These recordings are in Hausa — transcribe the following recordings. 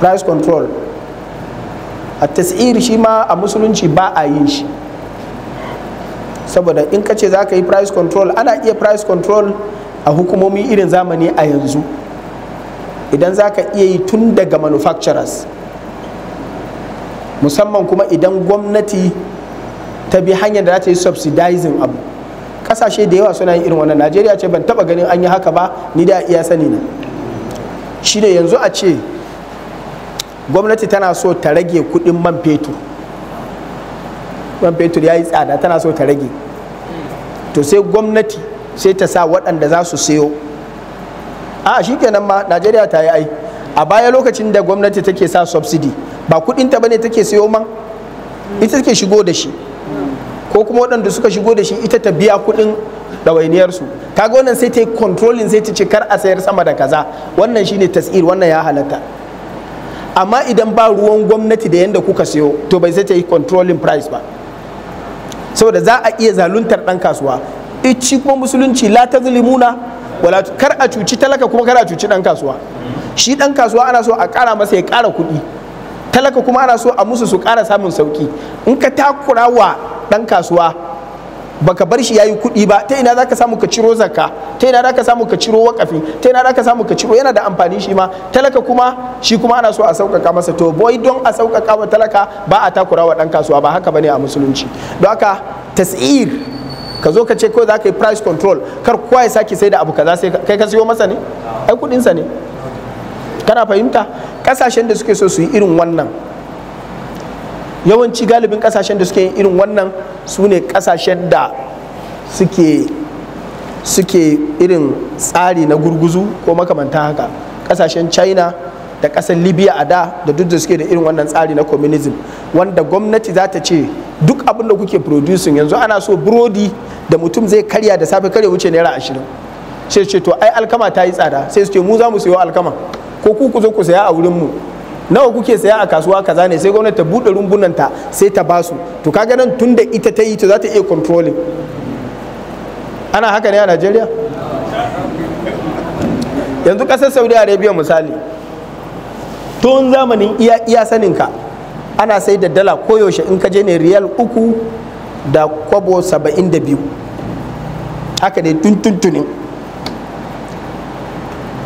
price control a tasiri shi ma a musulunci ba a yin shi saboda in ka ce za ka yi price control ana iya price control a hukumomi irin zamani a yanzu idan za ka iya yi tun daga manufacturers musamman kuma idan gwamnati ta bi hanyar da za ta yi subsidizing abu kasashe da yawa suna yin irin wannan najeriya ce ban taba ganin an yi haka ba ni da iya sani na shi ne yanzu a ce gwamnati tana so ta rage kudin man fetur man fetur ya yi tsada tana so ta rage to sai gwamnati sai ta sa waɗanda za su sayo a shi kenan ma najeriya ta yi ai a baya lokacin da gwamnati take sa subsidy ba kudinta bane take sayo man ita take shigo da shi ko kuma waɗanda suka shigo da shi ita ta biya kudin ɗawainiyarsu kaga wannan sai ta yi controlling sai ta ce kar a sayar sama da kaza wannan shine tas'ir wannan ya halatta amma idan ba ruwan gwamnati da yadda kuka siyo to bai sai ta yi controlling price ba saboda za a iya zaluntar ɗan kasuwa ici kuma musulunci la ta zulimuna wala kar a cuci talaka kuma kar a cuci ɗan kasuwa shi ɗan kasuwa ana so a kara masa ya kara kuɗi talaka kuma ana so a musu su kara samun sauki. in ka takura wa ɗan kasuwa baka bar shi yayi kuɗi ba ta ina zaka samu ka ciro zakka ta ina zaka samu ka ciro wakafi ta ina zaka samu ka ciro yana da amfani shi ma talaka kuma shi kuma ana so a sauƙaƙa masa to boy don a sauƙaƙa wa talaka ba a takura wa ɗan kasuwa ba haka bane a musulunci don haka tas'ir ka zo ka ce kawai za ka yi price control kar kowa ya sake sai da abu kaza sai kai ka siyo masa ne ai kuɗinsa ne kana fahimta ƙasashen da suke so su yi irin wannan yawanci galibin kasashen da suke yin irin wannan su ne kasashen da suke suke irin tsari na gurguzu ko makamanta haka kasashen china da kasar libya a da da duk da suke da irin wannan tsari na communism wanda gwamnati za ta ce duk abin da kuke producing yanzu ana so burodi da mutum zai karya da safe karya wuce naira ashirin ce ce to ai alkama ta yi tsada sai suke mu za mu sayo alkama ko ku ku zo ku saya a wurin mu nawa kuke saya a kasuwa kaza ne sai gwamnati ta rumbunan ta sai ta basu to kaga nan tun da ita ta yi to za ta iya controlling ana haka ne a najeriya yanzu ƙasar saudi arabia misali tun zamanin iya iya saninka ana sai da dala koyaushe in ka je ne riyal uku da kwabo saba'in da biyu haka tun tuntuntunin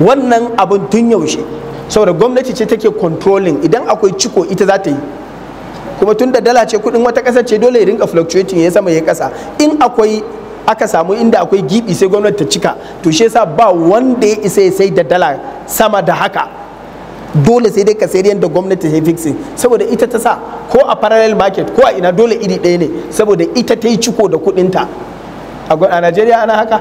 wannan abin tun yaushe saboda gwamnati ce take controlling idan akwai ciko ita za ta yi kuma tun da dala ce kudin wata ƙasa ce dole ya rinka fluctuating ya sama ya kasa in akwai aka samu inda akwai gibi sai gwamnati ta cika to shi yasa ba wanda ya isa ya sai da dala sama da haka dole sai dai ka sayar yadda gwamnati ta fixing saboda ita ta sa ko a parallel market ko a ina dole iri ɗaya ne saboda ita ta yi ciko da kuɗinta a Najeriya ana haka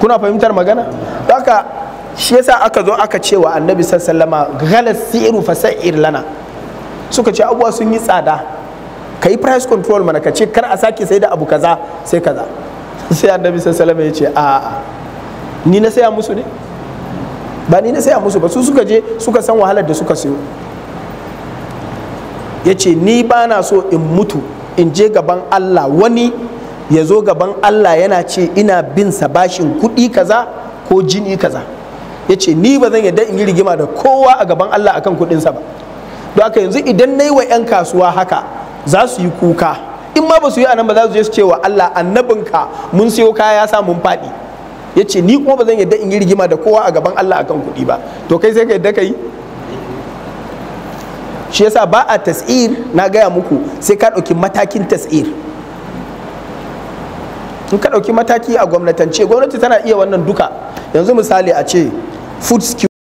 kuna fahimtar magana haka shi yasa aka zo aka ce wa annabi sallama galas siru fasa'ir lana suka ce abuwa sun yi tsada ka yi price control mana ka ce kar a sake sai da abu kaza sai kaza sai annabi sallama ya ce a'a ni na saya musu ne ba ni na saya musu ba su suka je suka san wahalar da suka sayo ya ce ni ba na so in mutu in je gaban allah wani ya zo gaban allah yana ce ina bin sa bashin kuɗi kaza ko jini kaza ya ce ni ba zan yadda in yi rigima da kowa a gaban Allah akan kuɗinsa ba don haka yanzu idan na yi wa 'yan kasuwa haka za su yi kuka in ma ba su yi anan ba za su je su ce wa Allah annabinka mun siyo kaya ya sa mun faɗi ya ce ni kuma ba zan yadda in yi rigima da kowa a gaban Allah akan kuɗi ba to kai sai ka yadda ka yi shi yasa ba a tas'ir na gaya muku sai ka ɗauki matakin tas'ir in ka ɗauki mataki a gwamnatance gwamnati tana iya wannan duka yanzu misali a ce food security.